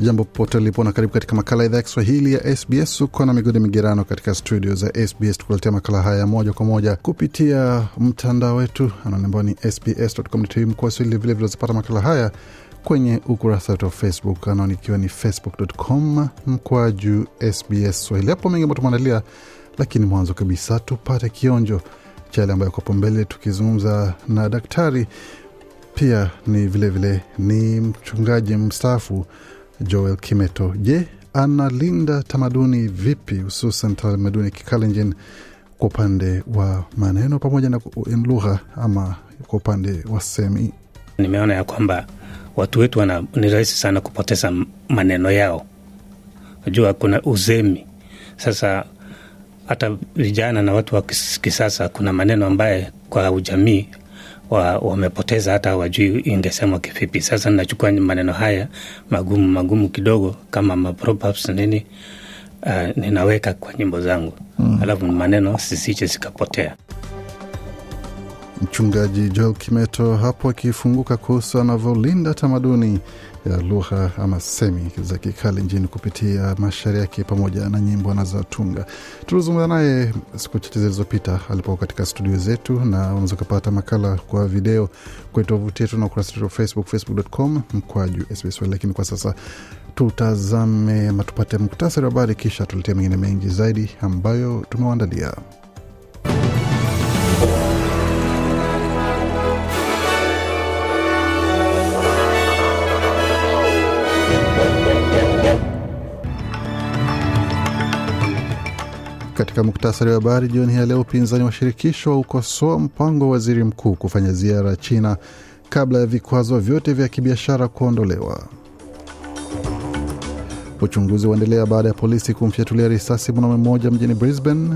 Jambo popote ulipo na karibu katika makala idhaa ya Kiswahili ya SBS. Uko na migodi migerano katika studio za SBS tukuletea makala haya moja kwa moja kupitia mtandao wetu ambao ni sbs.com.au mkoaswahili. Vilevile unazipata makala haya kwenye ukurasa wetu wa Facebook anaoni ikiwa ni facebook.com mkwaju SBS Swahili. Hapo mengi ambayo tumeandalia, lakini mwanzo kabisa tupate kionjo cha yale ambayo kwapo mbele, tukizungumza na daktari pia ni vilevile vile, ni mchungaji mstaafu Joel Kimeto. Je, analinda tamaduni vipi, hususan tamaduni kikalenjin kwa upande wa maneno pamoja na lugha ama kwa upande wa semi? Nimeona ya kwamba watu wetu wana, ni rahisi sana kupoteza maneno yao. Najua kuna uzemi sasa hata vijana na watu wa kisasa, kuna maneno ambaye kwa ujamii wa, wamepoteza hata wajui ingesemwa kifipi Sasa nachukua maneno haya magumu magumu kidogo kama maprops nini uh, ninaweka kwa nyimbo zangu mm. Alafu maneno sisiche zikapotea. Mchungaji Joel Kimeto hapo akifunguka kuhusu anavyolinda tamaduni ya lugha ama semi za kikali nchini kupitia mashairi yake pamoja na nyimbo anazotunga. Tulizungumza naye siku chache zilizopita alipo katika studio zetu, na unaweza ukapata makala kwa video kwenye tovuti yetu na ukurasa wetu wa Facebook, facebook.com mkwaju SBS. Lakini kwa sasa tutazame ama tupate muktasari wa habari, kisha tuletea mengine mengi zaidi ambayo tumewaandalia. Katika muktasari wa habari jioni hii ya leo, upinzani wa shirikisho ukosoa mpango wa waziri mkuu kufanya ziara China kabla ya vikwazo vyote vya kibiashara kuondolewa. Uchunguzi waendelea baada ya polisi kumfyatulia risasi mwanaume mmoja mjini Brisbane.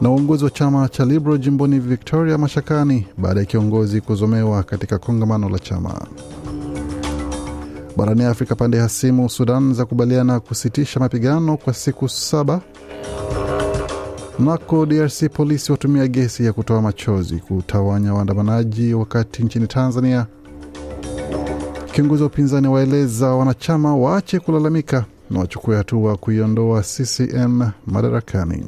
Na uongozi wa chama cha Liberal jimboni Victoria mashakani baada ya kiongozi kuzomewa katika kongamano la chama. Barani Afrika, pande hasimu Sudan za kubaliana kusitisha mapigano kwa siku saba. Nako DRC, polisi watumia gesi ya kutoa machozi kutawanya waandamanaji, wakati nchini Tanzania kiongozi wa upinzani waeleza wanachama waache kulalamika na wachukue hatua kuiondoa CCM madarakani.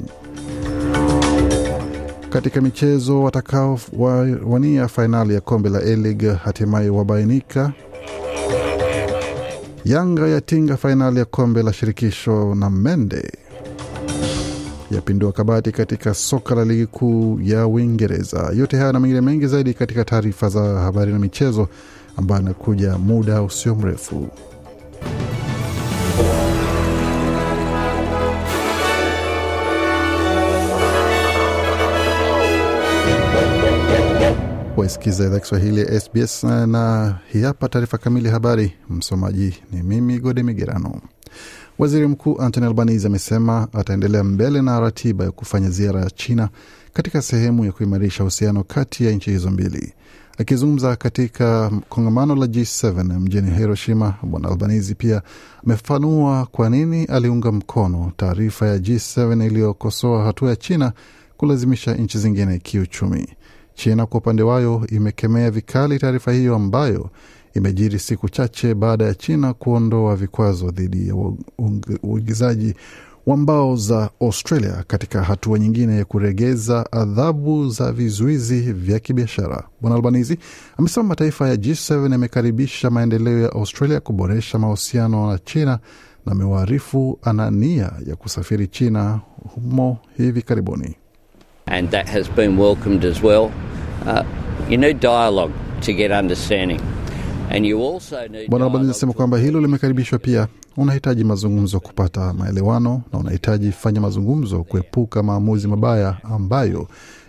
Katika michezo, watakaowania fainali ya kombe la A-League hatimaye wabainika. Yanga yatinga fainali ya kombe la shirikisho na Mende yapindua kabati katika soka la ligi kuu ya Uingereza. Yote haya na mengine mengi zaidi katika taarifa za habari na michezo ambayo anakuja muda usio mrefu. waisikiza idhaa Kiswahili ya SBS na, na hii hapa taarifa kamili habari. Msomaji ni mimi Gode Migerano. Waziri Mkuu Anthony Albanese amesema ataendelea mbele na ratiba ya kufanya ziara ya China katika sehemu ya kuimarisha uhusiano kati ya nchi hizo mbili. Akizungumza katika kongamano la G7 mjini Hiroshima, Bwana Albanese pia amefanua kwa nini aliunga mkono taarifa ya G7 iliyokosoa hatua ya China kulazimisha nchi zingine kiuchumi. China kwa upande wayo imekemea vikali taarifa hiyo ambayo imejiri siku chache baada ya China kuondoa vikwazo dhidi ya uingizaji wa mbao za Australia katika hatua nyingine ya kuregeza adhabu za vizuizi vya kibiashara. Bwana Albanizi amesema mataifa ya G7 yamekaribisha maendeleo ya Australia kuboresha mahusiano na China na amewaarifu ana nia ya kusafiri China humo hivi karibuni and that has been welcomed as well. Uh, you need dialogue to get understanding. Bwana Albanese anasema kwamba hilo limekaribishwa pia. Unahitaji mazungumzo kupata maelewano, na unahitaji fanya mazungumzo kuepuka maamuzi mabaya ambayo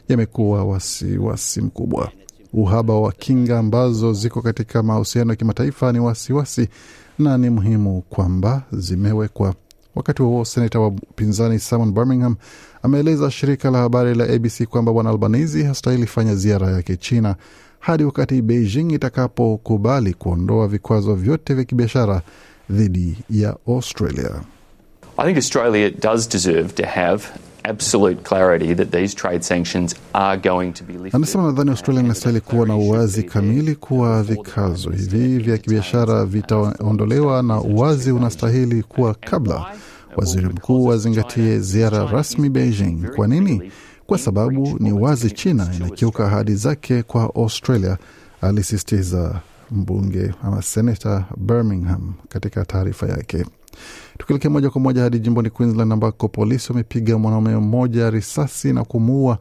yamekuwa wasiwasi mkubwa. Uhaba wa kinga ambazo ziko katika mahusiano ya kimataifa ni wasiwasi wasi, na ni muhimu kwamba zimewekwa. Wakati huo seneta wa upinzani Simon Birmingham ameeleza shirika la habari la ABC kwamba bwana Albanizi hastahili fanya ziara yake China hadi wakati Beijing itakapokubali kuondoa vikwazo vyote vya kibiashara dhidi ya Australia. I think Australia does deserve to have absolute clarity that these trade sanctions are going to be lifted. Anasema nadhani Australia inastahili kuwa na uwazi kamili kuwa vikazo hivi vya kibiashara vitaondolewa na uwazi unastahili kuwa kabla waziri mkuu azingatie ziara rasmi Beijing. Kwa nini? Kwa sababu ni wazi China inakiuka ahadi zake kwa Australia, alisisitiza mbunge ama senata Birmingham katika taarifa yake. Tukielekea moja kwa moja hadi jimboni Queensland ambako polisi wamepiga mwanaume mmoja risasi na kumuua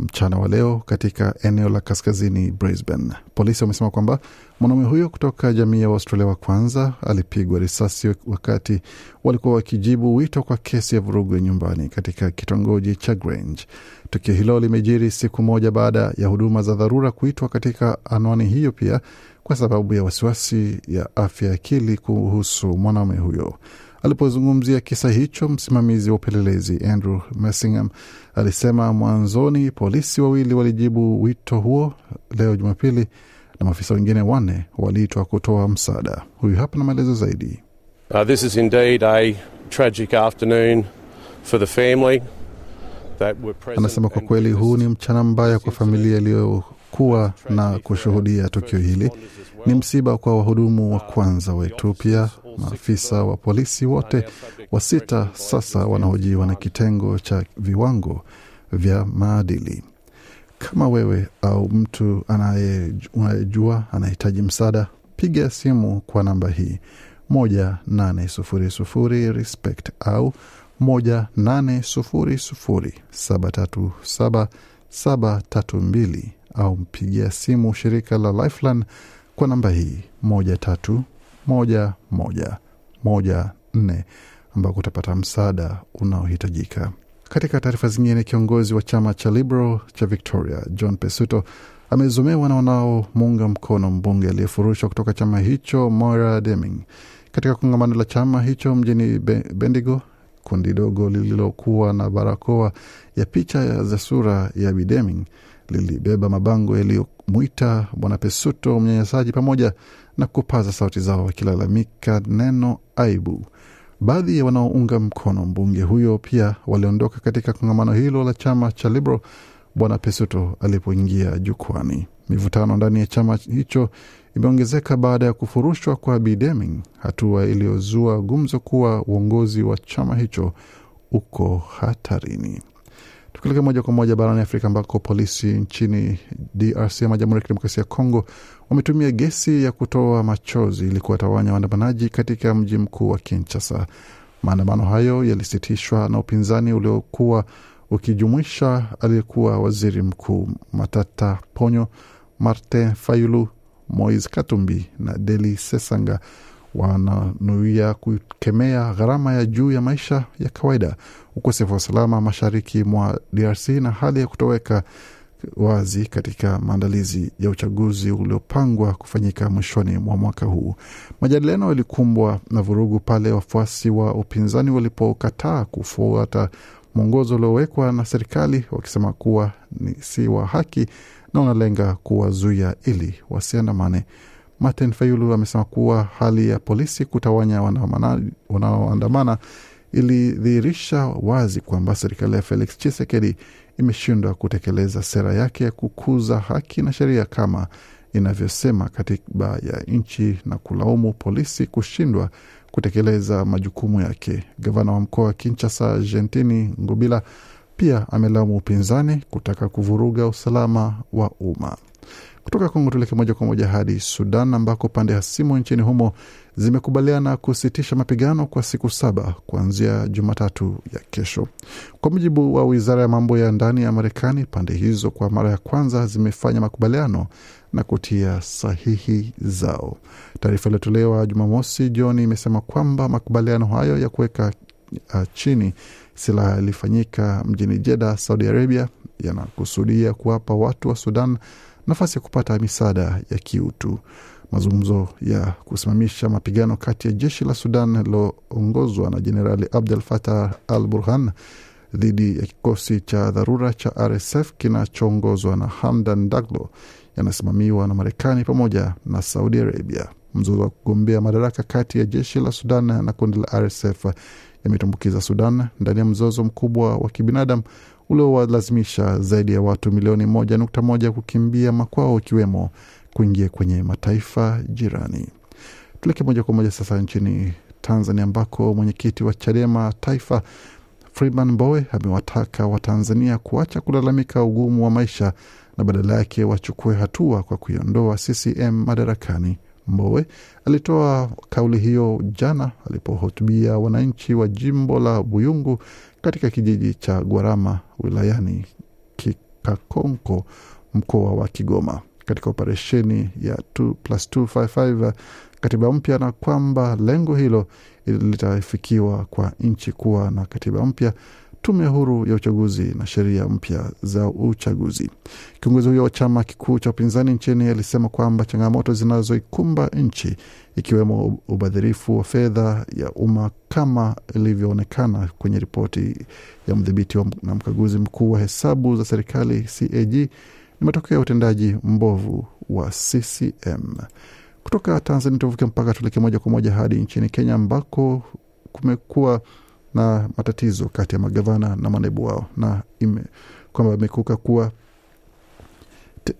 mchana wa leo katika eneo la kaskazini Brisbane. Polisi wamesema kwamba mwanaume huyo kutoka jamii ya Waustralia wa kwanza alipigwa risasi wakati walikuwa wakijibu wito kwa kesi ya vurugu ya nyumbani katika kitongoji cha Grange. Tukio hilo limejiri siku moja baada ya huduma za dharura kuitwa katika anwani hiyo pia kwa sababu ya wasiwasi ya afya ya akili kuhusu mwanaume huyo. Alipozungumzia kisa hicho, msimamizi wa upelelezi Andrew Messingham alisema mwanzoni polisi wawili walijibu wito huo leo Jumapili, na maafisa wengine wanne waliitwa kutoa msaada. Huyu hapa na maelezo zaidi. Uh, this is indeed a tragic afternoon for the family. Anasema kwa kweli huu ni mchana mbaya kwa familia iliyokuwa na kushuhudia tukio hili. Ni msiba kwa wahudumu wa kwanza wetu pia Maafisa wa polisi wote wa sita sasa wanahojiwa na kitengo cha viwango vya maadili. Kama wewe au mtu unayejua anahitaji msaada, piga simu kwa namba hii sufuri respect au saba tatu mbili au mpigia simu shirika la Lifeline kwa namba hii moja tatu moja moja moja nne ambako utapata msaada unaohitajika. Katika taarifa zingine, kiongozi wa chama cha Liberal cha Victoria John Pesuto amezomewa na wanaomuunga mkono mbunge aliyefurushwa kutoka chama hicho Moira Deming katika kongamano la chama hicho mjini Bendigo. Kundi dogo lililokuwa na barakoa ya picha za sura ya Bideming lilibeba mabango yaliyo kumwita Bwana Pesuto mnyanyasaji, pamoja na kupaza sauti zao wakilalamika neno aibu. Baadhi ya wanaounga mkono mbunge huyo pia waliondoka katika kongamano hilo la chama cha Liberal Bwana Pesuto alipoingia jukwani. Mivutano ndani ya chama hicho imeongezeka baada ya kufurushwa kwa Bi hatua iliyozua gumzo kuwa uongozi wa chama hicho uko hatarini. Tukilekea moja kwa moja barani Afrika ambako polisi nchini DRC ama Jamhuri ya Kidemokrasia ya Kongo wametumia gesi ya kutoa machozi ili kuwatawanya waandamanaji katika mji mkuu wa Kinshasa. Maandamano hayo yalisitishwa na upinzani uliokuwa ukijumuisha aliyekuwa waziri mkuu Matata Ponyo, Martin Fayulu, Moise Katumbi na Deli Sesanga wananuia kukemea gharama ya juu ya maisha ya kawaida, ukosefu wa usalama mashariki mwa DRC na hali ya kutoweka wazi katika maandalizi ya uchaguzi uliopangwa kufanyika mwishoni mwa mwaka huu. Majadiliano yalikumbwa na vurugu pale wafuasi wa upinzani walipokataa kufuata mwongozo uliowekwa na serikali, wakisema kuwa ni si wa haki na unalenga kuwazuia ili wasiandamane. Martin Fayulu amesema kuwa hali ya polisi kutawanya wanaoandamana ilidhihirisha wazi kwamba serikali ya Felix Chisekedi imeshindwa kutekeleza sera yake ya kukuza haki na sheria kama inavyosema katiba ya nchi na kulaumu polisi kushindwa kutekeleza majukumu yake. Gavana wa mkoa wa kinchasa Gentini Ngubila pia amelaumu upinzani kutaka kuvuruga usalama wa umma. Kutoka Kongo tuelekee moja kwa moja hadi Sudan ambako pande hasimu nchini humo zimekubaliana kusitisha mapigano kwa siku saba kuanzia Jumatatu ya kesho, kwa mujibu wa wizara ya mambo ya ndani ya Marekani. Pande hizo kwa mara ya kwanza zimefanya makubaliano na kutia sahihi zao. Taarifa iliyotolewa Jumamosi jioni imesema kwamba makubaliano hayo ya kuweka uh, chini silaha yalifanyika mjini Jeddah, Saudi Arabia, yanakusudia kuwapa watu wa Sudan nafasi ya kupata misaada ya kiutu. Mazungumzo ya kusimamisha mapigano kati ya jeshi la Sudan liloongozwa na Jenerali Abdel Fattah al Burhan dhidi ya kikosi cha dharura cha RSF kinachoongozwa na Hamdan Daglo yanasimamiwa na Marekani pamoja na Saudi Arabia. Mzozo wa kugombea madaraka kati ya jeshi la Sudan na kundi la RSF yametumbukiza Sudan ndani ya mzozo mkubwa wa kibinadamu uliowalazimisha zaidi ya watu milioni moja nukta moja kukimbia makwao ikiwemo kuingia kwenye mataifa jirani. tuleke moja kwa moja sasa nchini Tanzania ambako mwenyekiti wa Chadema taifa Freeman boe amewataka Watanzania kuacha kulalamika ugumu wa maisha na badala yake wachukue hatua kwa kuiondoa CCM madarakani. Mbowe alitoa kauli hiyo jana alipohutubia wananchi wa jimbo la Buyungu katika kijiji cha Gwarama wilayani Kikakonko mkoa wa Kigoma katika operesheni ya 255 katiba mpya na kwamba lengo hilo litafikiwa kwa nchi kuwa na katiba mpya tume huru ya uchaguzi na sheria mpya za uchaguzi. Kiongozi huyo wa chama kikuu cha upinzani nchini alisema kwamba changamoto zinazoikumba nchi ikiwemo ubadhirifu wa fedha ya umma kama ilivyoonekana kwenye ripoti ya mdhibiti na mkaguzi mkuu wa hesabu za serikali CAG ni matokeo ya utendaji mbovu wa CCM. Kutoka Tanzania tuvuke mpaka tuleke moja kwa moja hadi nchini Kenya ambako kumekuwa na matatizo kati ya magavana na manaibu wao, na kwamba amekuka kuwa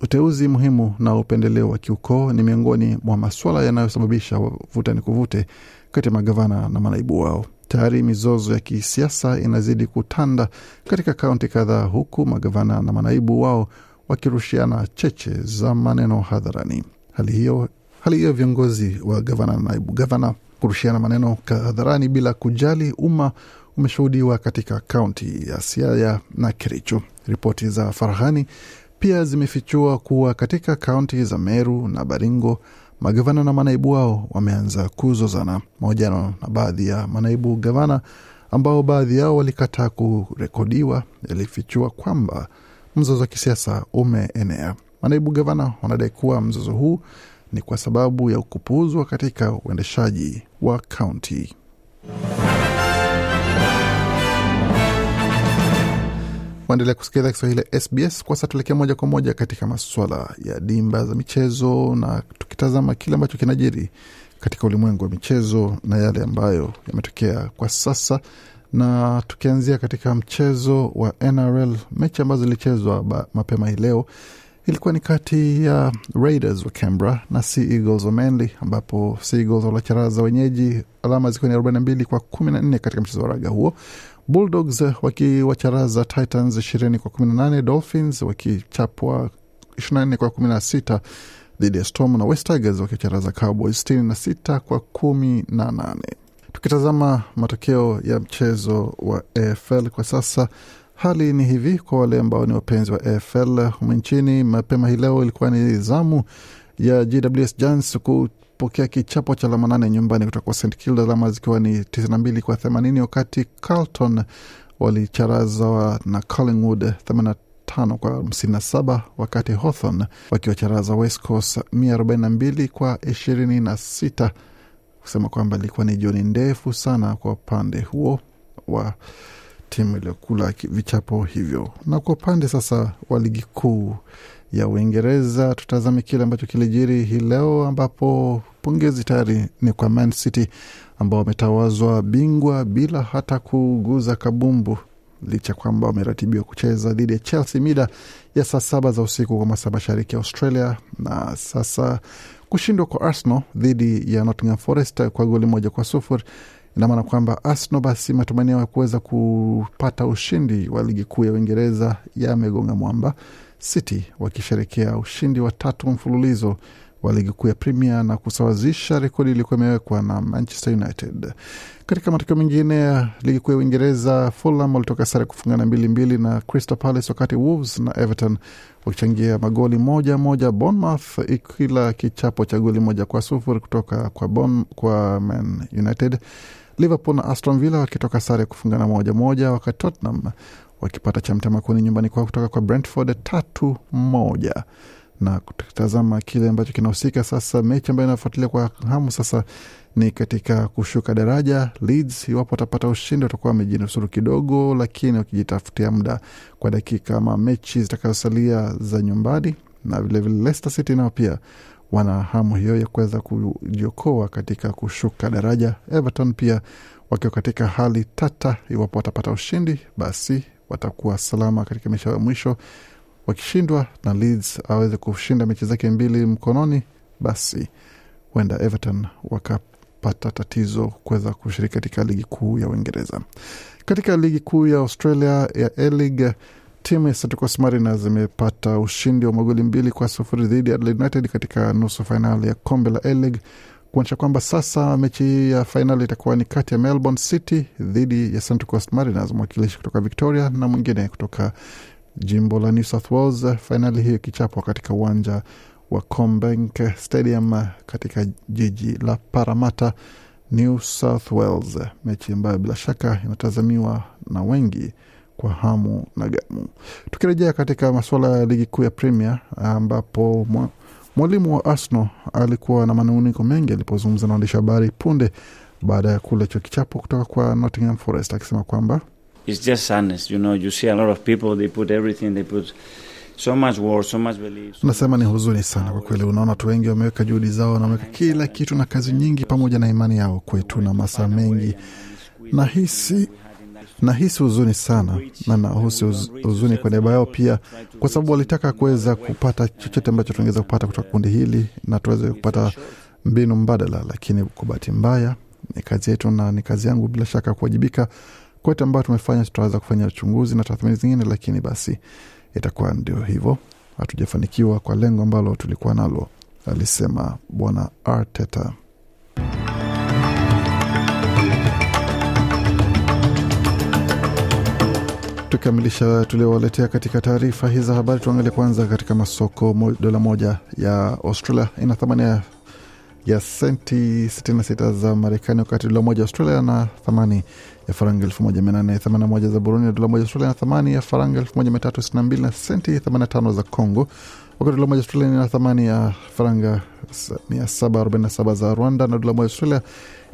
uteuzi muhimu na upendeleo wa kiukoo ni miongoni mwa maswala yanayosababisha vuta ni kuvute kati ya magavana na manaibu wao. Tayari mizozo ya kisiasa inazidi kutanda katika kaunti kadhaa, huku magavana na manaibu wao wakirushiana cheche za maneno hadharani. Hali hiyo, hali hiyo viongozi wa gavana na naibu gavana kurushiana maneno hadharani bila kujali umma umeshuhudiwa katika kaunti ya Siaya na Kericho. Ripoti za farahani pia zimefichua kuwa katika kaunti za Meru na Baringo magavana na manaibu wao wameanza kuzozana, mahojiano na baadhi ya manaibu gavana ambao baadhi yao walikataa kurekodiwa yalifichua kwamba mzozo wa kisiasa umeenea. Manaibu gavana wanadai kuwa mzozo huu ni kwa sababu ya kupuuzwa katika uendeshaji wa kaunti. Waendelea kusikiliza Kiswahili ya SBS. Kwa sasa tuelekea moja kwa moja katika maswala ya dimba za michezo, na tukitazama kile ambacho kinajiri katika ulimwengu wa michezo na yale ambayo yametokea kwa sasa, na tukianzia katika mchezo wa NRL, mechi ambazo zilichezwa mapema hii leo ilikuwa ni kati ya uh, Raiders wa Canberra na Sea Eagles wa Manly, ambapo Sea Eagles walacharaza wenyeji alama zikiwa ni 42 kwa 14 katika mchezo wa raga huo. Bulldogs wakiwacharaza Titans 20 kwa 18, Dolphins wakichapwa 24 kwa 16 dhidi ya Storm na West Tigers wakicharaza Cowboys 66 kwa 18. Tukitazama matokeo ya mchezo wa AFL kwa sasa, Hali ni hivi kwa wale ambao ni wapenzi wa AFL humu nchini. Mapema hii leo ilikuwa ni zamu ya GWS Giants kupokea kichapo cha alama nane nyumbani kutoka kwa St Kilda, alama zikiwa ni 92 kwa 80, wakati Carlton walicharazwa na Collingwood 85 kwa 57, wakati Hawthorn wakiwacharaza West Coast 142 kwa 26, kusema kwamba ilikuwa ni jioni ndefu sana kwa upande huo wa timu iliyokula vichapo hivyo. Na kwa upande sasa wa ligi kuu ya Uingereza, tutazame kile ambacho kilijiri hii leo, ambapo pongezi tayari ni kwa Man City ambao wametawazwa bingwa bila hata kuguza kabumbu licha kwamba wameratibiwa kucheza dhidi ya Chelsea mida ya saa saba za usiku kwa masaa mashariki ya Australia. Na sasa kushindwa kwa Arsenal dhidi ya Nottingham Forest kwa goli moja kwa sufuri ina maana kwamba Arsenal basi matumaini yao ya kuweza kupata ushindi wa ligi kuu ya Uingereza yamegonga mwamba, City wakisherekea ushindi wa tatu mfululizo wa ligi kuu ya Premier na kusawazisha rekodi iliyokuwa imewekwa na Manchester United. Katika matokeo mengine ya ligi kuu ya Uingereza, Fulham walitoka sare kufungana mbili mbili na Crystal Palace, wakati Wolves na Everton wakichangia magoli moja moja, Bournemouth ikila kichapo cha goli moja kwa sufuri kutoka kwa, bon, kwa Man United Liverpool na Aston Villa wakitoka sare kufungana moja moja, wakati Tottenham wakipata cha kuni nyumbani kwao kutoka kwa Brentford tatu moja na kutazama kile ambacho kinahusika sasa. Mechi ambayo inafuatilia kwa hamu sasa ni katika kushuka daraja. Leeds, iwapo watapata ushindi, watakuwa wamejinusuru kidogo, lakini wakijitafutia muda kwa dakika ama mechi zitakazosalia za nyumbani, na vilevile Leicester City nao pia wana hamu hiyo ya kuweza kujiokoa katika kushuka daraja. Everton pia wakiwa katika hali tata, iwapo watapata ushindi basi watakuwa salama katika mechi ya mwisho. Wakishindwa na Leeds aweze kushinda mechi zake mbili mkononi, basi huenda Everton wakapata tatizo kuweza kushiriki katika ligi kuu ya Uingereza. Katika ligi kuu ya Australia ya A-League Timu ya Santikos marina imepata ushindi wa magoli mbili kwa sufuri dhidi ya Adelaide United katika nusu fainali ya kombe la A-League kuonyesha kwamba sasa mechi ya fainali itakuwa ni kati ya Melbourne City dhidi ya Central Coast Mariners, mwakilishi kutoka Victoria na mwingine kutoka jimbo la New South Wales, fainali hiyo ikichapwa katika uwanja wa Combank Stadium katika jiji la Parramatta, New South Wales, mechi ambayo bila shaka inatazamiwa na wengi kwa hamu na gamu. Tukirejea katika masuala ya ligi kuu ya Premier ambapo mwalimu wa Arsenal alikuwa na manuniko mengi alipozungumza na waandishi habari punde baada ya kule cho kichapo kutoka kwa Nottingham Forest akisema kwamba So much war, so much belief, so nasema ni huzuni sana kwa kweli. Unaona watu wengi wameweka juhudi zao na wameweka kila kitu na kazi nyingi pamoja na imani yao kwetu na masaa mengi, na hii si nahisi huzuni sana na nahusi huzuni kwa niaba yao pia, kwa sababu walitaka kuweza kupata chochote ambacho tungeweza kupata kutoka kundi hili na tuweze kupata mbinu mbadala, lakini kwa bahati mbaya ni kazi yetu na ni kazi yangu bila shaka kuwajibika kote ambayo tumefanya. Tutaweza kufanya uchunguzi na tathmini zingine, lakini basi itakuwa ndio hivyo, hatujafanikiwa kwa lengo ambalo tulikuwa nalo, alisema Bwana Arteta. Tukikamilisha tuliowaletea katika taarifa hii za habari, tuangalie kwanza katika masoko. Dola moja ya Australia ina thamani ya ya senti 66 za Marekani, wakati dola moja Australia na thamani ya faranga 1881 za Burundi. Dola moja Australia na thamani ya faranga 1362 na senti 85 za Congo, wakati dola moja Australia ina thamani ya faranga 747 za Rwanda, na dola moja Australia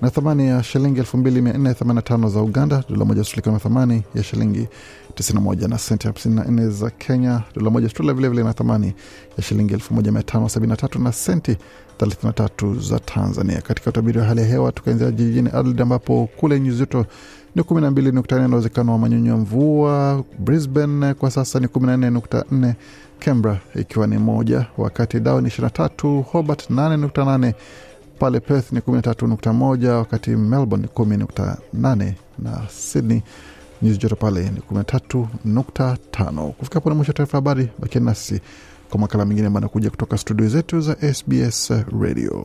na thamani ya shilingi 2485 za Uganda, dola moja Australia na thamani ya shilingi 91 na senti 54 za Kenya, dola moja Australia vilevile na thamani ya shilingi 1573 na senti 33 za Tanzania. Katika utabiri wa hali ya hewa tukaanzia jijini Adelaide ambapo kule nyuzi joto ni 12.4 na uwezekano wa manyunyu ya mvua. Brisbane kwa sasa ni 14.4, Canberra ikiwa ni moja, wakati Darwin 23, Hobart 8.8 pale Perth ni 13.1, wakati Melbourne ni 10.8 na Sydney nyuzi joto pale ni 13.5. Kufika hapo mwisho wa taarifa habari, bakia nasi kwa makala mengine ambayo anakuja kutoka studio zetu za SBS Radio.